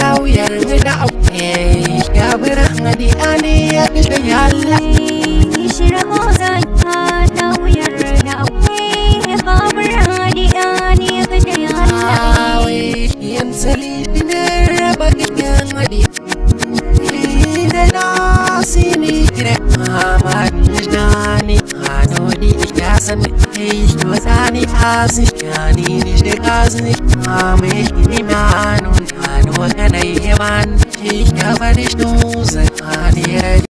ನಾವು ಎರಡಿನ ಅಪ್ಪೇ ಯಾವರ ಅಂಗಡಿ ಆನೆ ಯಾರಿದೆ ಅಲ್ಲ Hey, was I the house? I need the house. I'm making it now. Mann, ich kann mal nicht losen.